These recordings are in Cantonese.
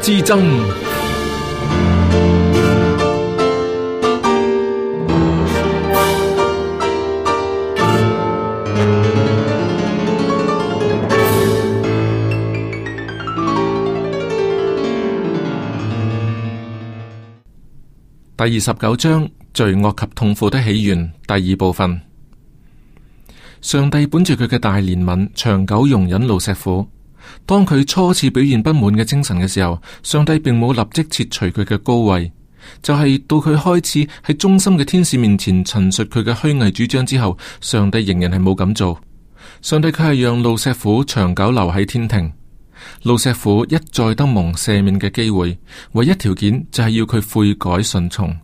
之爭。第二十九章罪惡及痛苦的起源第二部分。上帝本住佢嘅大憐憫，長久容忍路錫甫。當佢初次表現不滿嘅精神嘅時候，上帝並冇立即撤除佢嘅高位，就係到佢開始喺忠心嘅天使面前陳述佢嘅虛偽主張之後，上帝仍然係冇咁做。上帝佢係讓路石虎長久留喺天庭，路石虎一再得蒙赦免嘅機會，唯一條件就係要佢悔改順從。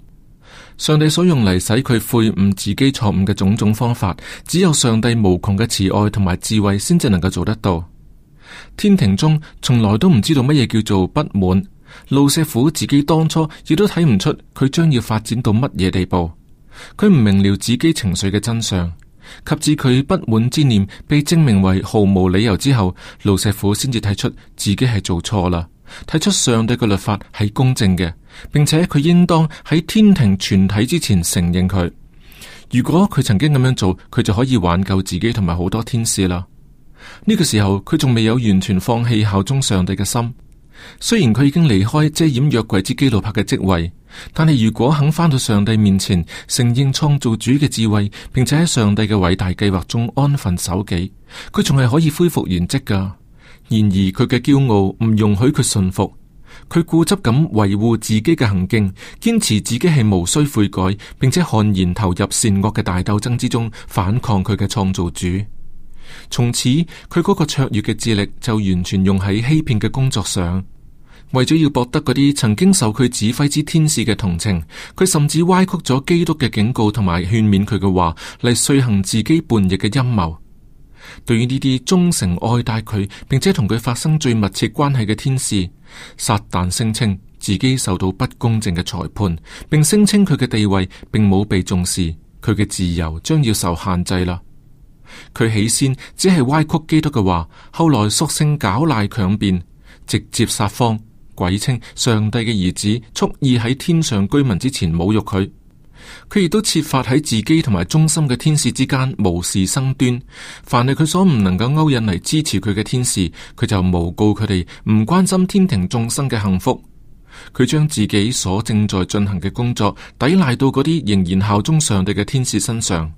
上帝所用嚟使佢悔悟自己錯誤嘅種種方法，只有上帝無窮嘅慈愛同埋智慧先至能夠做得到。天庭中從來都唔知道乜嘢叫做不滿，路錫甫自己當初亦都睇唔出佢將要發展到乜嘢地步。佢唔明了自己情緒嘅真相，及至佢不滿之念被證明為毫無理由之後，路錫甫先至睇出自己係做錯啦。睇出上帝嘅律法係公正嘅，並且佢應當喺天庭全體之前承認佢。如果佢曾經咁樣做，佢就可以挽救自己同埋好多天使啦。呢個時候，佢仲未有完全放棄效忠上帝嘅心。雖然佢已經離開遮掩約櫃之基路伯嘅職位，但係如果肯返到上帝面前，承認創造主嘅智慧，並且喺上帝嘅偉大計劃中安分守己，佢仲係可以恢復原職噶。然而，佢嘅驕傲唔容許佢順服，佢固執咁維護自己嘅行徑，堅持自己係無需悔改，並且悍然投入善惡嘅大鬥爭之中，反抗佢嘅創造主。從此，佢嗰個卓越嘅智力就完全用喺欺騙嘅工作上。為咗要博得嗰啲曾經受佢指揮之天使嘅同情，佢甚至歪曲咗基督嘅警告同埋勸勉佢嘅話，嚟遂行自己叛逆嘅陰謀。對於呢啲忠誠愛戴佢並且同佢發生最密切關係嘅天使，撒旦聲稱自己受到不公正嘅裁判，並聲稱佢嘅地位並冇被重視，佢嘅自由將要受限制啦。佢起先只係歪曲基督嘅話，後來索性狡賴強辯，直接撒謊，詭稱上帝嘅兒子蓄意喺天上居民之前侮辱佢。佢亦都設法喺自己同埋忠心嘅天使之間無事生端。凡係佢所唔能夠勾引嚟支持佢嘅天使，佢就誣告佢哋唔關心天庭眾生嘅幸福。佢將自己所正在進行嘅工作抵賴到嗰啲仍然效忠上帝嘅天使身上。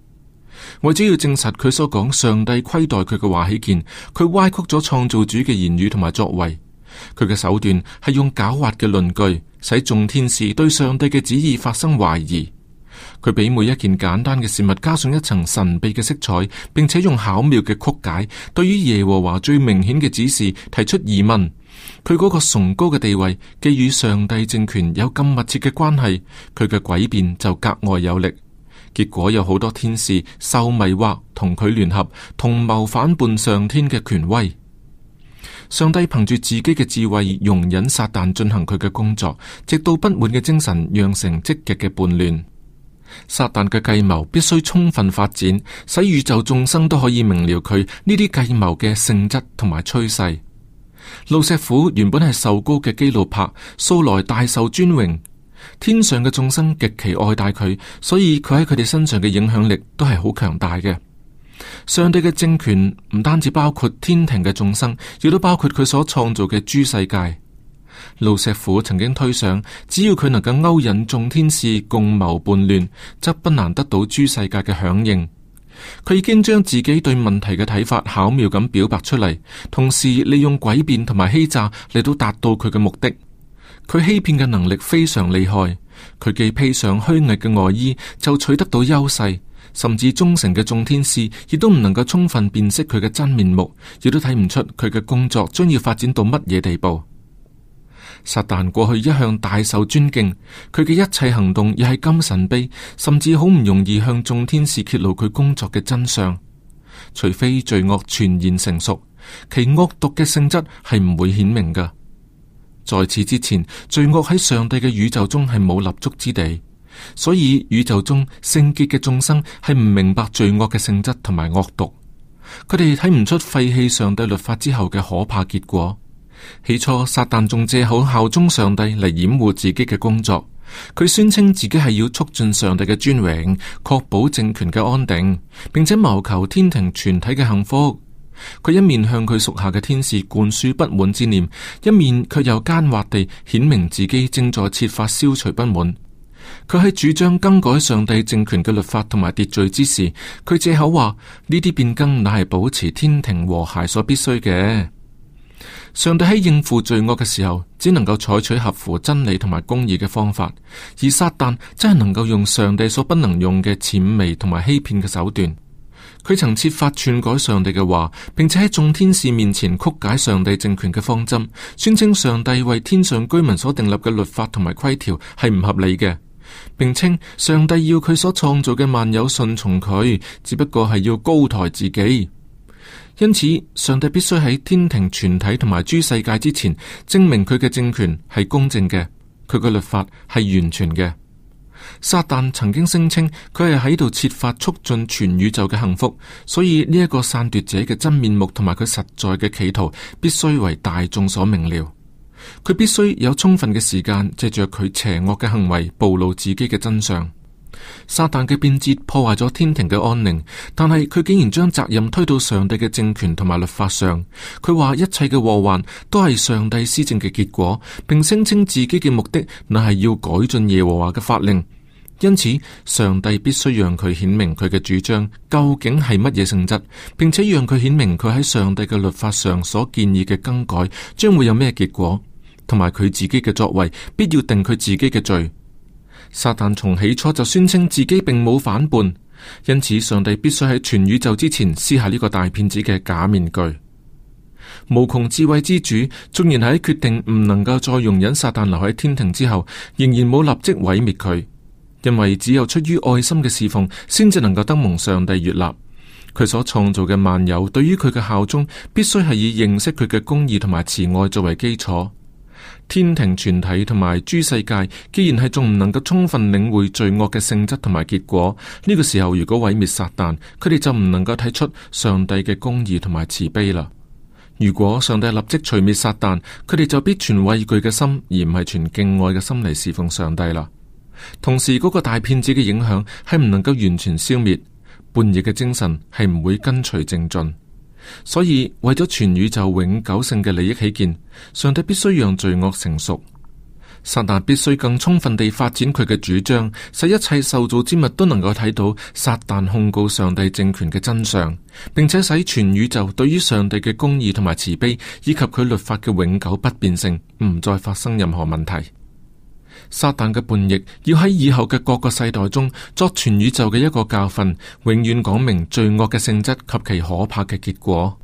為咗要證實佢所講上帝虧待佢嘅話起見，佢歪曲咗創造主嘅言語同埋作為，佢嘅手段係用狡猾嘅論據，使眾天使對上帝嘅旨意發生懷疑。佢俾每一件簡單嘅事物加上一層神秘嘅色彩，並且用巧妙嘅曲解，對於耶和華最明顯嘅指示提出疑問。佢嗰個崇高嘅地位，既與上帝政權有咁密切嘅關係，佢嘅詭辯就格外有力。結果有好多天使受迷惑，同佢聯合，同謀反叛上天嘅權威。上帝憑住自己嘅智慧容忍撒旦進行佢嘅工作，直到不滿嘅精神釀成積極嘅叛亂。撒旦嘅計謀必須充分發展，使宇宙眾生都可以明了佢呢啲計謀嘅性質同埋趨勢。路石虎原本係壽高嘅基路柏，素來大受尊榮。天上嘅眾生極其愛戴佢，所以佢喺佢哋身上嘅影響力都係好強大嘅。上帝嘅政權唔單止包括天庭嘅眾生，亦都包括佢所創造嘅諸世界。盧石虎曾經推想，只要佢能夠勾引眾天使共謀叛亂，則不難得到諸世界嘅響應。佢已經將自己對問題嘅睇法巧妙咁表白出嚟，同時利用詭辯同埋欺詐嚟到達到佢嘅目的。佢欺騙嘅能力非常厲害，佢既披上虛偽嘅外衣就取得到優勢，甚至忠誠嘅眾天使亦都唔能夠充分辨識佢嘅真面目，亦都睇唔出佢嘅工作將要發展到乜嘢地步。撒旦過去一向大受尊敬，佢嘅一切行動亦係金神秘，甚至好唔容易向眾天使揭露佢工作嘅真相，除非罪惡全然成熟，其惡毒嘅性質係唔會顯明噶。在此之前，罪惡喺上帝嘅宇宙中係冇立足之地，所以宇宙中聖潔嘅眾生係唔明白罪惡嘅性質同埋惡毒，佢哋睇唔出廢棄上帝律法之後嘅可怕結果。起初，撒旦仲借口效忠上帝嚟掩護自己嘅工作，佢宣稱自己係要促進上帝嘅尊榮，確保政權嘅安定，並且謀求天庭全體嘅幸福。佢一面向佢屬下嘅天使灌輸不滿之念，一面卻又奸猾地顯明自己正在設法消除不滿。佢喺主張更改上帝政權嘅律法同埋秩序之時，佢借口話呢啲變更乃係保持天庭和諧所必須嘅。上帝喺應付罪惡嘅時候，只能夠採取合乎真理同埋公義嘅方法，而撒旦真係能夠用上帝所不能用嘅諂媚同埋欺騙嘅手段。佢曾設法篡改上帝嘅話，並且喺眾天使面前曲解上帝政權嘅方針，宣稱上帝為天上居民所訂立嘅律法同埋規條係唔合理嘅，並稱上帝要佢所創造嘅萬有順從佢，只不過係要高抬自己。因此，上帝必須喺天庭全體同埋諸世界之前，證明佢嘅政權係公正嘅，佢嘅律法係完全嘅。撒旦曾經聲稱佢係喺度設法促進全宇宙嘅幸福，所以呢一個篡奪者嘅真面目同埋佢實在嘅企圖，必須為大眾所明了。佢必須有充分嘅時間借着佢邪惡嘅行為，暴露自己嘅真相。撒旦嘅變節破壞咗天庭嘅安寧，但係佢竟然將責任推到上帝嘅政權同埋律法上。佢話一切嘅禍患都係上帝施政嘅結果，並聲稱自己嘅目的乃係要改進耶和華嘅法令。因此，上帝必須讓佢顯明佢嘅主張究竟係乜嘢性質，並且讓佢顯明佢喺上帝嘅律法上所建議嘅更改將會有咩結果，同埋佢自己嘅作為必要定佢自己嘅罪。撒旦從起初就宣稱自己並冇反叛，因此上帝必須喺全宇宙之前撕下呢個大騙子嘅假面具。無窮智慧之主縱然喺決定唔能夠再容忍撒旦留喺天庭之後，仍然冇立即毀滅佢，因為只有出於愛心嘅侍奉，先至能夠得蒙上帝悦納。佢所創造嘅萬有對於佢嘅效忠，必須係以認識佢嘅公義同埋慈愛作為基礎。天庭全體同埋諸世界，既然係仲唔能夠充分領會罪惡嘅性質同埋結果，呢、這個時候如果毀滅撒旦，佢哋就唔能夠睇出上帝嘅公義同埋慈悲啦。如果上帝立即除滅撒旦，佢哋就必存畏懼嘅心，而唔係存敬愛嘅心嚟侍奉上帝啦。同時，嗰、那個大騙子嘅影響係唔能夠完全消滅，叛逆嘅精神係唔會跟隨正進。所以，為咗全宇宙永久性嘅利益起見，上帝必須讓罪惡成熟，撒旦必須更充分地發展佢嘅主張，使一切受造之物都能夠睇到撒旦控告上帝政權嘅真相，並且使全宇宙對於上帝嘅公義同埋慈悲，以及佢律法嘅永久不變性，唔再發生任何問題。撒旦嘅叛逆要喺以後嘅各個世代中作全宇宙嘅一個教訓，永遠講明罪惡嘅性質及其可怕嘅結果。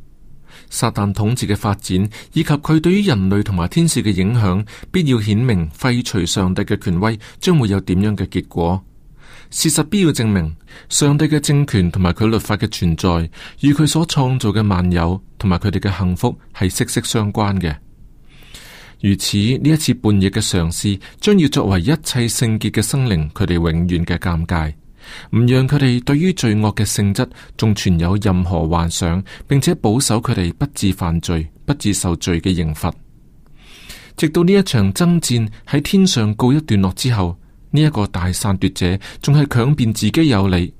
撒旦統治嘅發展以及佢對於人類同埋天使嘅影響，必要顯明廢除上帝嘅權威將會有點樣嘅結果。事實必要證明上帝嘅政權同埋佢律法嘅存在，與佢所創造嘅萬有同埋佢哋嘅幸福係息息相關嘅。如此呢一次半夜嘅嘗試，將要作為一切聖潔嘅生靈佢哋永遠嘅尷尬，唔讓佢哋對於罪惡嘅性質仲存有任何幻想，並且保守佢哋不致犯罪、不致受罪嘅刑罰。直到呢一場爭戰喺天上告一段落之後，呢、這、一個大散奪者仲係強辯自己有理，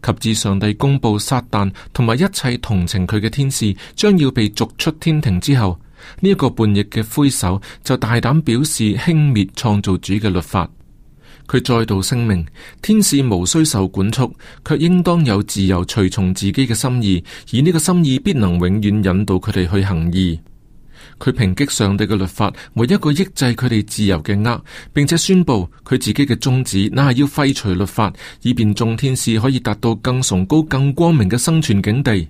及至上帝公布撒旦同埋一切同情佢嘅天使將要被逐出天庭之後。呢一個叛逆嘅魁首就大膽表示輕蔑創造主嘅律法，佢再度聲明天使無需受管束，卻應當有自由隨從自己嘅心意，而呢個心意必能永遠引導佢哋去行義。佢抨擊上帝嘅律法為一個抑制佢哋自由嘅軛，並且宣布佢自己嘅宗旨，那係要廢除律法，以便眾天使可以達到更崇高、更光明嘅生存境地。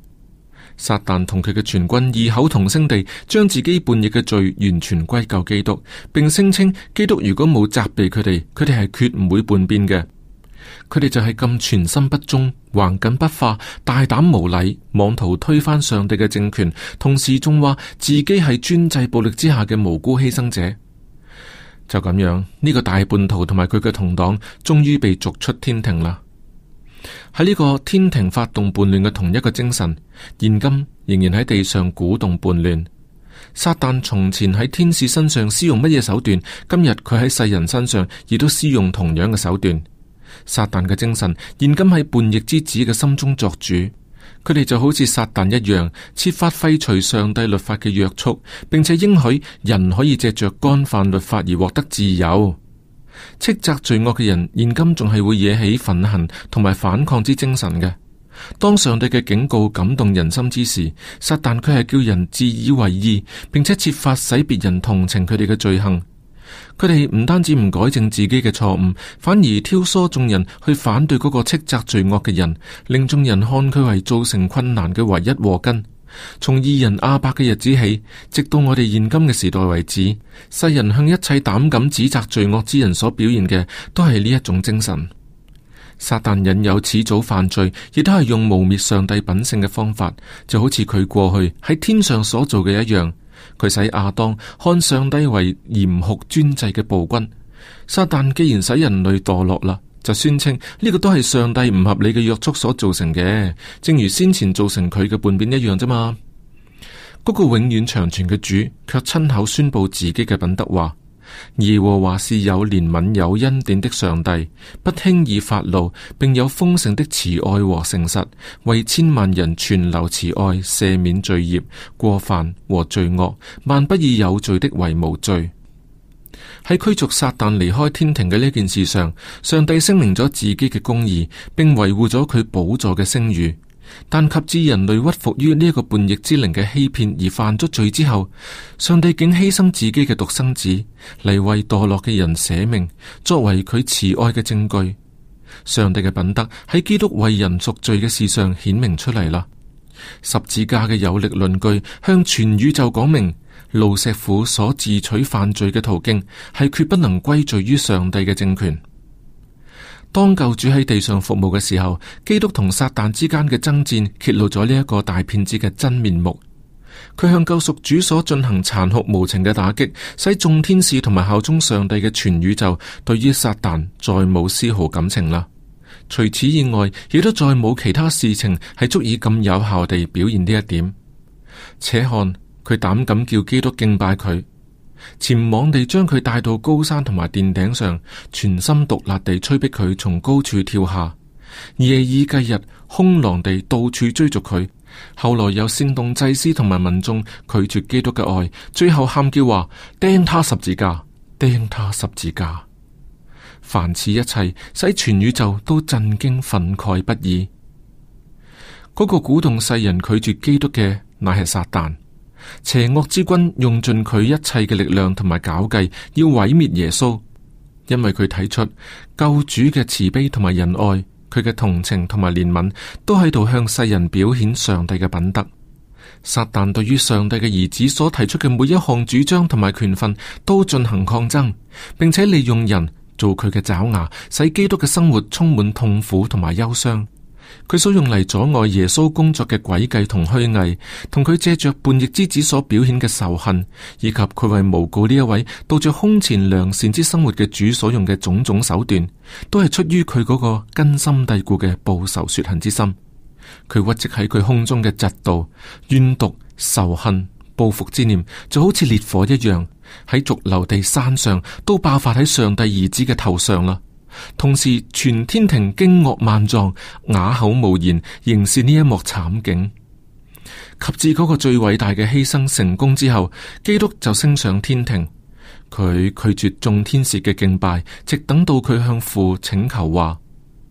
撒旦同佢嘅全軍異口同聲地將自己叛逆嘅罪完全歸咎基督，並聲稱基督如果冇責備佢哋，佢哋係決唔會叛變嘅。佢哋就係咁全心不忠、橫梗不化、大膽無禮、妄圖推翻上帝嘅政權，同時仲話自己係專制暴力之下嘅無辜犧牲者。就咁樣，呢個大叛徒同埋佢嘅同黨終於被逐出天庭啦。喺呢個天庭發動叛亂嘅同一個精神，現今仍然喺地上鼓動叛亂。撒旦從前喺天使身上施用乜嘢手段，今日佢喺世人身上亦都施用同樣嘅手段。撒旦嘅精神現今喺叛逆之子嘅心中作主，佢哋就好似撒旦一樣，設法廢除上帝律法嘅約束，並且應許人可以借着干犯律法而獲得自由。斥責罪惡嘅人，現今仲係會惹起憤恨同埋反抗之精神嘅。當上帝嘅警告感動人心之時，撒旦佢係叫人自以為義，並且設法使別人同情佢哋嘅罪行。佢哋唔單止唔改正自己嘅錯誤，反而挑唆眾人去反對嗰個斥責罪惡嘅人，令眾人看佢為造成困難嘅唯一禍根。從義人亞伯嘅日子起，直到我哋現今嘅時代為止，世人向一切膽敢指責罪惡之人所表現嘅，都係呢一種精神。撒旦引誘始祖犯罪，亦都係用污衊上帝品性嘅方法，就好似佢過去喺天上所做嘅一樣。佢使亞當看上帝為嚴酷專制嘅暴君。撒旦既然使人類墮落啦。就宣稱呢、這個都係上帝唔合理嘅約束所造成嘅，正如先前造成佢嘅叛變一樣啫嘛。嗰、那個永遠長存嘅主卻親口宣布自己嘅品德話：耶和華是有憐憫有恩典的上帝，不輕易發怒，并有豐盛的慈愛和誠實，為千萬人存留慈愛，赦免罪孽、過犯和罪惡，萬不以有罪的為無罪。喺驅逐撒旦離開天庭嘅呢件事上，上帝聲明咗自己嘅公義，並維護咗佢寶座嘅聲譽。但及至人類屈服於呢一個叛逆之靈嘅欺騙而犯咗罪之後，上帝竟犧牲自己嘅獨生子嚟為墮落嘅人捨命，作為佢慈愛嘅證據。上帝嘅品德喺基督為人贖罪嘅事上顯明出嚟啦。十字架嘅有力論據向全宇宙講明。路錫甫所自取犯罪嘅途徑，係決不能歸罪於上帝嘅政權。當救主喺地上服務嘅時候，基督同撒旦之間嘅爭戰揭露咗呢一個大騙子嘅真面目。佢向救贖主所進行殘酷無情嘅打擊，使眾天使同埋效忠上帝嘅全宇宙對於撒旦再冇絲毫感情啦。除此以外，亦都再冇其他事情係足以咁有效地表現呢一點。且看。佢膽敢叫基督敬拜佢，僭妄地將佢帶到高山同埋殿頂上，全心毒辣地催逼佢從高處跳下，夜以繼日，凶狠地到處追逐佢。後來有煽動祭司同埋民眾拒絕基督嘅愛，最後喊叫話釘他十字架，釘他十字架。凡此一切，使全宇宙都震驚憤慨不已。嗰個鼓動世人拒絕基督嘅，乃係撒旦。邪惡之君用盡佢一切嘅力量同埋狡計，要毀滅耶穌。因為佢睇出救主嘅慈悲同埋仁愛，佢嘅同情同埋憐憫，都喺度向世人表現上帝嘅品德。撒旦對於上帝嘅兒子所提出嘅每一項主張同埋權分，都進行抗爭，並且利用人做佢嘅爪牙，使基督嘅生活充滿痛苦同埋憂傷。佢所用嚟阻礙耶穌工作嘅詭計同虛偽，同佢借着叛逆之子所表現嘅仇恨，以及佢為誣告呢一位過着空前良善之生活嘅主所用嘅種種手段，都係出於佢嗰個根深蒂固嘅報仇雪恨之心。佢屈積喺佢胸中嘅嫉妒、怨毒、仇恨、報復之念，就好似烈火一樣，喺逐流地山上都爆發喺上帝兒子嘅頭上啦。同時，全天庭驚愕萬狀，啞口無言，凝視呢一幕慘境。及至嗰個最偉大嘅犧牲成功之後，基督就升上天庭，佢拒絕眾天使嘅敬拜，直等到佢向父請求話：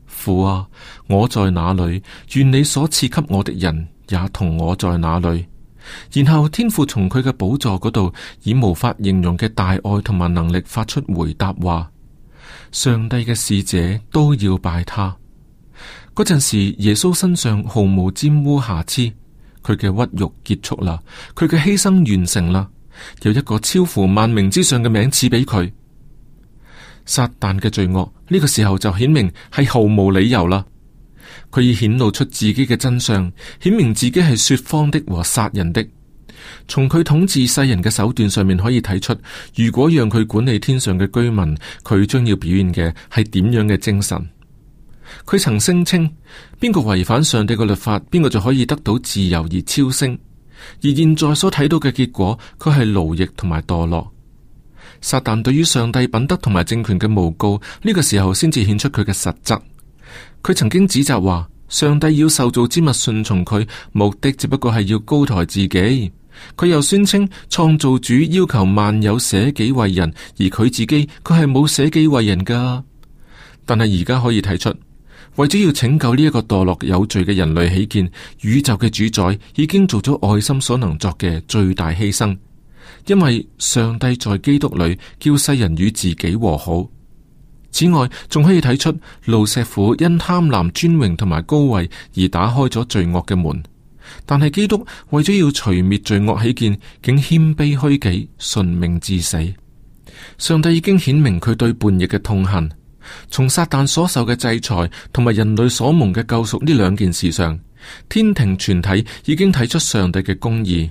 父啊，我在哪裏？願你所賜給我的人也同我在哪裏。然後天父從佢嘅寶座嗰度，以無法形容嘅大愛同埋能力，發出回答話。上帝嘅使者都要拜他。嗰陣時耶穌身上毫無沾污瑕疵，佢嘅屈辱結束啦，佢嘅犧牲完成啦，有一個超乎萬名之上嘅名賜俾佢。撒旦嘅罪惡呢個時候就顯明係毫無理由啦，佢已顯露出自己嘅真相，顯明自己係說謊的和殺人的。從佢統治世人嘅手段上面可以睇出，如果讓佢管理天上嘅居民，佢將要表現嘅係點樣嘅精神？佢曾聲稱，邊個違反上帝嘅律法，邊個就可以得到自由而超升。而現在所睇到嘅結果，佢係奴役同埋墮落。撒旦對於上帝品德同埋政權嘅誣告，呢個時候先至顯出佢嘅實質。佢曾經指責話，上帝要受造之物順從佢，目的只不過係要高抬自己。佢又宣稱創造主要求萬有捨己為人，而佢自己佢係冇捨己為人噶。但係而家可以睇出，為咗要拯救呢一個墮落有罪嘅人類起見，宇宙嘅主宰已經做咗愛心所能作嘅最大犧牲。因為上帝在基督裏叫世人與自己和好。此外，仲可以睇出路石虎因貪婪、尊榮同埋高位而打開咗罪惡嘅門。但係基督為咗要除滅罪惡起見，竟謙卑虛己，順命至死。上帝已經顯明佢對叛逆嘅痛恨。從撒旦所受嘅制裁，同埋人類所蒙嘅救贖呢兩件事上，天庭全體已經睇出上帝嘅公義。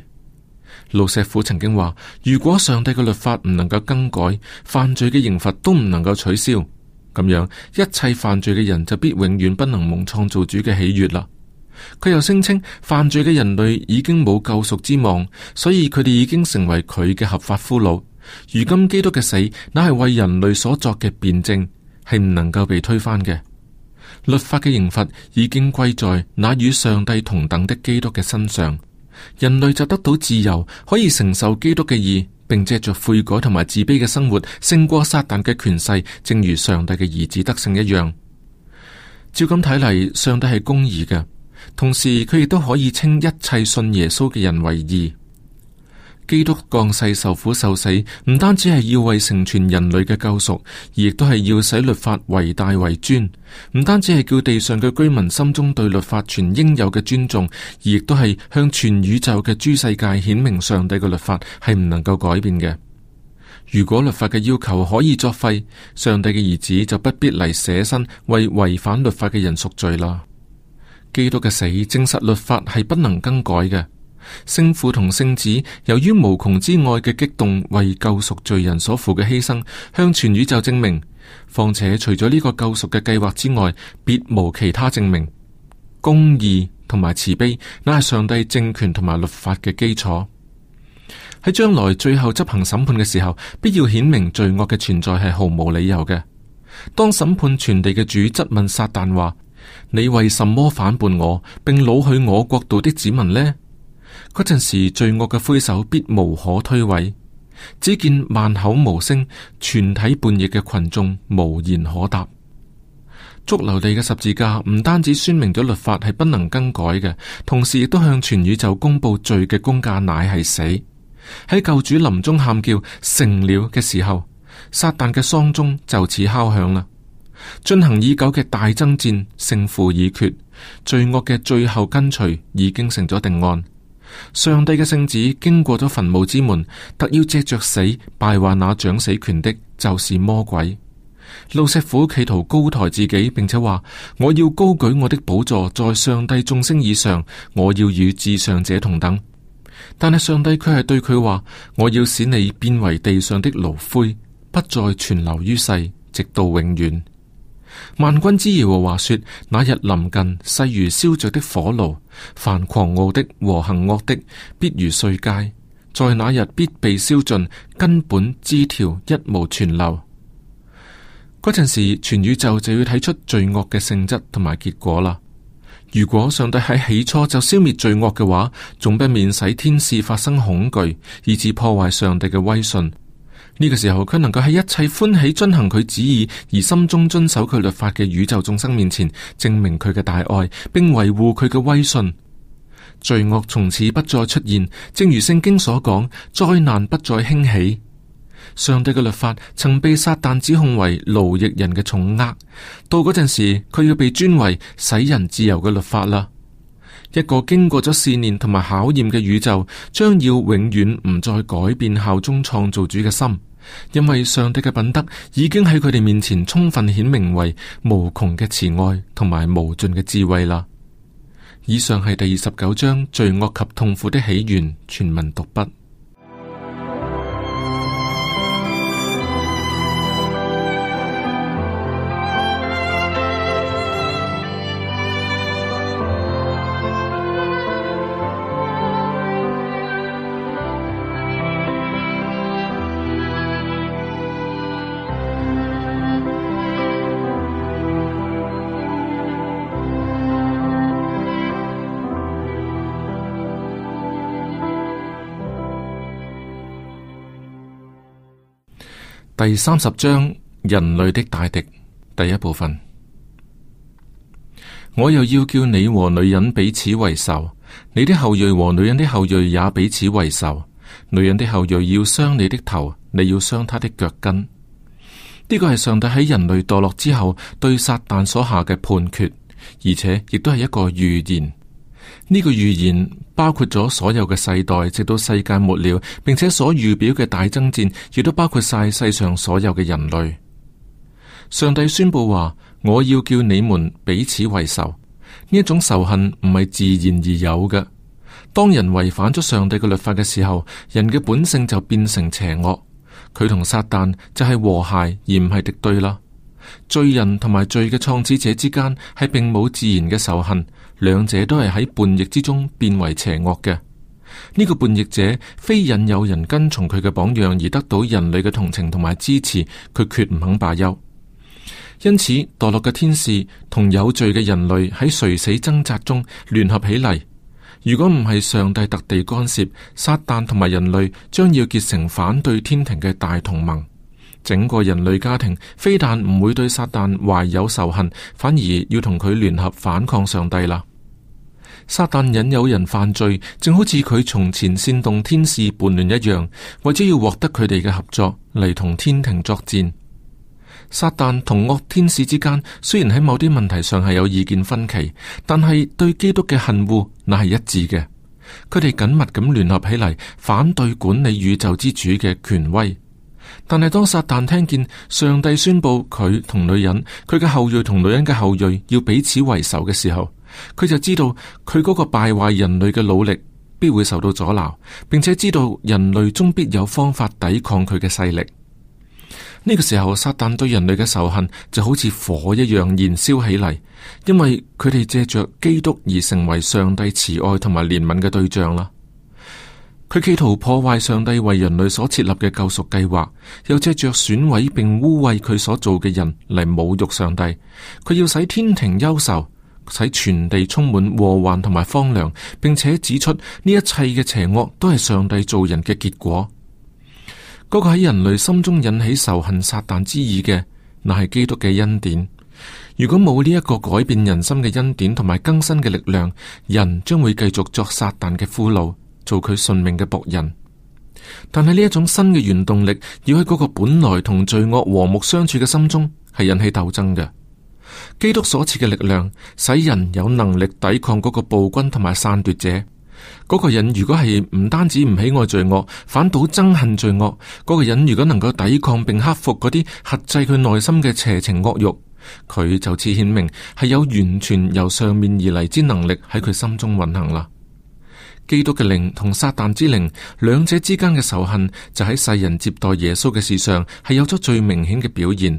盧石虎曾經話：如果上帝嘅律法唔能夠更改，犯罪嘅刑罰都唔能夠取消，咁樣一切犯罪嘅人就必永遠不能蒙創造主嘅喜悅啦。佢又聲稱犯罪嘅人類已經冇救贖之望，所以佢哋已經成為佢嘅合法俘虜。如今基督嘅死乃係為人類所作嘅辯證，係唔能夠被推翻嘅。律法嘅刑罰已經歸在那與上帝同等的基督嘅身上，人類就得到自由，可以承受基督嘅義，並借着悔改同埋自卑嘅生活勝過撒旦嘅權勢，正如上帝嘅兒子得勝一樣。照咁睇嚟，上帝係公義嘅。同時，佢亦都可以稱一切信耶穌嘅人為義。基督降世受苦受死，唔單止係要為成全人類嘅救贖，而亦都係要使律法為大為尊。唔單止係叫地上嘅居民心中對律法存應有嘅尊重，而亦都係向全宇宙嘅諸世界顯明上帝嘅律法係唔能夠改變嘅。如果律法嘅要求可以作廢，上帝嘅兒子就不必嚟捨身為違反律法嘅人贖罪啦。基督嘅死證實律法係不能更改嘅，聖父同聖子由於無窮之愛嘅激動，為救贖罪人所負嘅犧牲，向全宇宙證明。況且除咗呢個救贖嘅計劃之外，別無其他證明。公義同埋慈悲乃係上帝政權同埋律法嘅基礎。喺將來最後執行審判嘅時候，必要顯明罪惡嘅存在係毫無理由嘅。當審判全地嘅主質問撒旦話。你為什麼反叛我，並擄去我國度的子民呢？嗰陣時，罪惡嘅揮手必無可推諉。只見萬口無聲，全體叛逆嘅群眾無言可答。髑髏地嘅十字架唔單止宣明咗律法係不能更改嘅，同時亦都向全宇宙公布罪嘅工價乃係死。喺舊主臨終喊叫成了嘅時候，撒旦嘅喪鐘就此敲響啦。進行已久嘅大爭戰，勝負已決；罪惡嘅最後根除已經成咗定案。上帝嘅聖旨經過咗墳墓之門，特要藉着死敗壞那掌死權的，就是魔鬼。路石虎企圖高抬自己，並且話，我要高舉我的寶座在上帝眾星以上，我要與至上者同等。但係上帝卻係對佢話，我要使你變為地上的爐灰，不再存留於世，直到永遠。萬軍之耶和華說：那日臨近，勢如燒着的火爐，凡狂傲的和行惡的，必如碎階，在那日必被燒盡，根本枝條一無存留。嗰陣時，全宇宙就要睇出罪惡嘅性質同埋結果啦。如果上帝喺起初就消滅罪惡嘅話，仲不免使天使發生恐懼，以致破壞上帝嘅威信。呢個時候，佢能夠喺一切歡喜遵行佢旨意而心中遵守佢律法嘅宇宙眾生面前，證明佢嘅大愛，并維護佢嘅威信。罪惡從此不再出現，正如聖經所講，災難不再興起。上帝嘅律法曾被撒旦指控為奴役人嘅重壓，到嗰陣時，佢要被尊為使人自由嘅律法啦。一個經過咗試煉同埋考驗嘅宇宙，將要永遠唔再改變效忠創造主嘅心，因為上帝嘅品德已經喺佢哋面前充分顯明為無窮嘅慈愛同埋無盡嘅智慧啦。以上係第二十九章罪惡及痛苦的起源，全文讀畢。第三十章人類的大敵第一部分，我又要叫你和女人彼此為仇，你的後裔和女人的後裔也彼此為仇。女人的後裔要傷你的頭，你要傷她的腳跟。呢個係上帝喺人類墮落之後對撒旦所下嘅判決，而且亦都係一個預言。呢個預言包括咗所有嘅世代，直到世界末了，並且所預表嘅大爭戰，亦都包括晒世上所有嘅人類。上帝宣布話：我要叫你們彼此為仇。呢一種仇恨唔係自然而有嘅。當人違反咗上帝嘅律法嘅時候，人嘅本性就變成邪惡。佢同撒旦就係和諧而唔係敵對啦。罪人同埋罪嘅創始者之間係並冇自然嘅仇恨。兩者都係喺叛逆之中變為邪惡嘅。呢個叛逆者，非引誘人跟從佢嘅榜樣而得到人類嘅同情同埋支持，佢決唔肯罷休。因此墮落嘅天使同有罪嘅人類喺垂死掙扎中聯合起嚟。如果唔係上帝特地干涉，撒旦同埋人類將要結成反對天庭嘅大同盟。整個人類家庭非但唔會對撒旦懷有仇恨，反而要同佢聯合反抗上帝啦。撒旦引誘人犯罪，正好似佢從前煽動天使叛亂一樣，為咗要獲得佢哋嘅合作嚟同天庭作戰。撒旦同惡天使之間雖然喺某啲問題上係有意見分歧，但係對基督嘅恨惡那係一致嘅。佢哋緊密咁聯合起嚟，反對管理宇宙之主嘅權威。但係，當撒旦聽見上帝宣布佢同女人、佢嘅後裔同女人嘅後裔要彼此為仇嘅時候，佢就知道佢嗰個敗壞人類嘅努力必會受到阻撓，並且知道人類終必有方法抵抗佢嘅勢力。呢個時候，撒旦對人類嘅仇恨就好似火一樣燃燒起嚟，因為佢哋借着基督而成為上帝慈愛同埋憐憫嘅對象啦。佢企圖破壞上帝為人類所設立嘅救贖計劃，又借着損毀並污穢佢所做嘅人嚟侮辱上帝。佢要使天庭憂愁，使全地充滿禍患同埋荒涼，並且指出呢一切嘅邪惡都係上帝做人嘅結果。嗰個喺人類心中引起仇恨撒旦之意嘅，乃係基督嘅恩典。如果冇呢一個改變人心嘅恩典同埋更新嘅力量，人將會繼續作撒旦嘅俘虜。做佢順命嘅僕人，但係呢一種新嘅原動力，要喺嗰個本來同罪惡和睦相處嘅心中，係引起鬥爭嘅。基督所賜嘅力量，使人有能力抵抗嗰個暴君同埋散奪者。嗰、那個人如果係唔單止唔喜愛罪惡，反倒憎恨罪惡，嗰、那個人如果能夠抵抗並克服嗰啲克制佢內心嘅邪情惡欲，佢就此顯明係有完全由上面而嚟之能力喺佢心中運行啦。基督嘅靈同撒旦之靈兩者之間嘅仇恨就喺世人接待耶穌嘅事上係有咗最明顯嘅表現。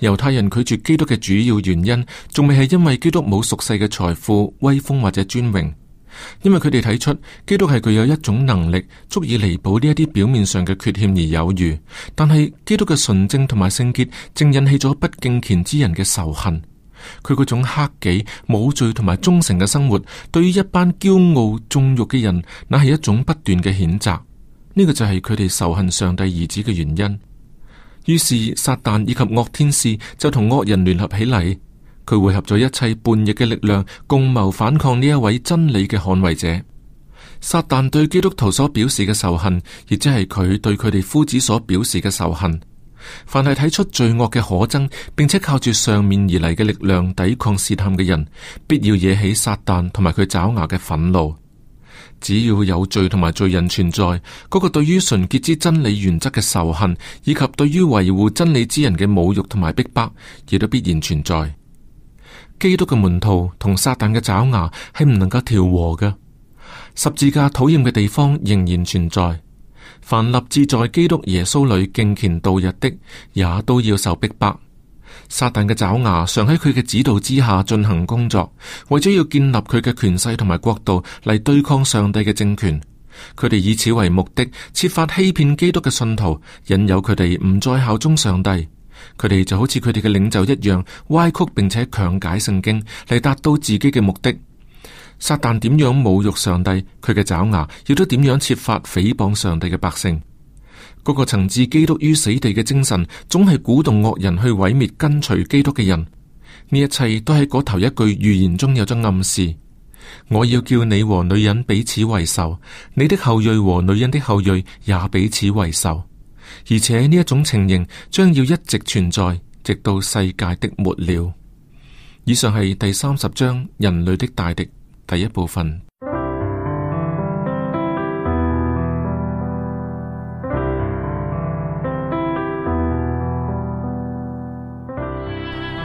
猶太人拒絕基督嘅主要原因，仲未係因為基督冇俗世嘅財富、威風或者尊榮，因為佢哋睇出基督係具有一種能力，足以彌補呢一啲表面上嘅缺陷而有餘。但係基督嘅純正同埋聖潔，正引起咗不敬虔之人嘅仇恨。佢嗰種克己、冇罪同埋忠誠嘅生活，對於一班驕傲縱慾嘅人，那係一種不斷嘅譴責。呢、這個就係佢哋仇恨上帝兒子嘅原因。於是，撒旦以及惡天使就同惡人聯合起嚟，佢匯合咗一切叛逆嘅力量，共謀反抗呢一位真理嘅捍衛者。撒旦對基督徒所表示嘅仇恨，亦即係佢對佢哋夫子所表示嘅仇恨。凡係睇出罪惡嘅可憎，並且靠住上面而嚟嘅力量抵抗試探嘅人，必要惹起撒旦同埋佢爪牙嘅憤怒。只要有罪同埋罪人存在，嗰個對於純潔之真理原則嘅仇恨，以及對於維護真理之人嘅侮辱同埋逼迫，亦都必然存在。基督嘅門徒同撒旦嘅爪牙係唔能夠調和嘅。十字架討厭嘅地方仍然存在。凡立志在基督耶穌裏敬虔度日的，也都要受逼迫。撒旦嘅爪牙常喺佢嘅指導之下進行工作，為咗要建立佢嘅權勢同埋國度嚟對抗上帝嘅政權。佢哋以此為目的，設法欺騙基督嘅信徒，引誘佢哋唔再效忠上帝。佢哋就好似佢哋嘅領袖一樣，歪曲並且強解聖經嚟達到自己嘅目的。撒旦點樣侮辱上帝，佢嘅爪牙亦都點樣設法誹謗上帝嘅百姓。嗰個曾置基督於死地嘅精神，總係鼓動惡人去毀滅跟隨基督嘅人。呢一切都喺嗰頭一句預言中有咗暗示。我要叫你和女人彼此為仇，你的後裔和女人的後裔也彼此為仇。而且呢一種情形將要一直存在，直到世界的末了。以上係第三十章人類的大敵。第一部分，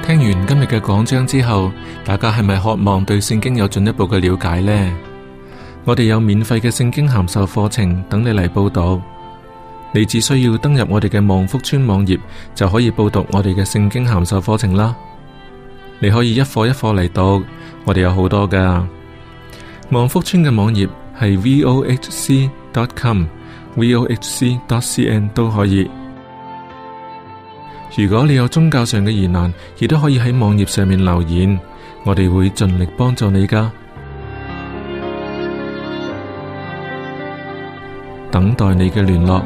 聽完今日嘅講章之後，大家係咪渴望對聖經有進一步嘅了解呢？我哋有免費嘅聖經函授課程等你嚟報讀。你只需要登入我哋嘅望福村網頁，就可以報讀我哋嘅聖經函授課程啦。你可以一課一課嚟讀，我哋有好多㗎。望福村嘅網頁係 vohc.com、vohc.cn 都可以。如果你有宗教上嘅疑難，亦都可以喺網頁上面留言，我哋會盡力幫助你噶。等待你嘅聯絡。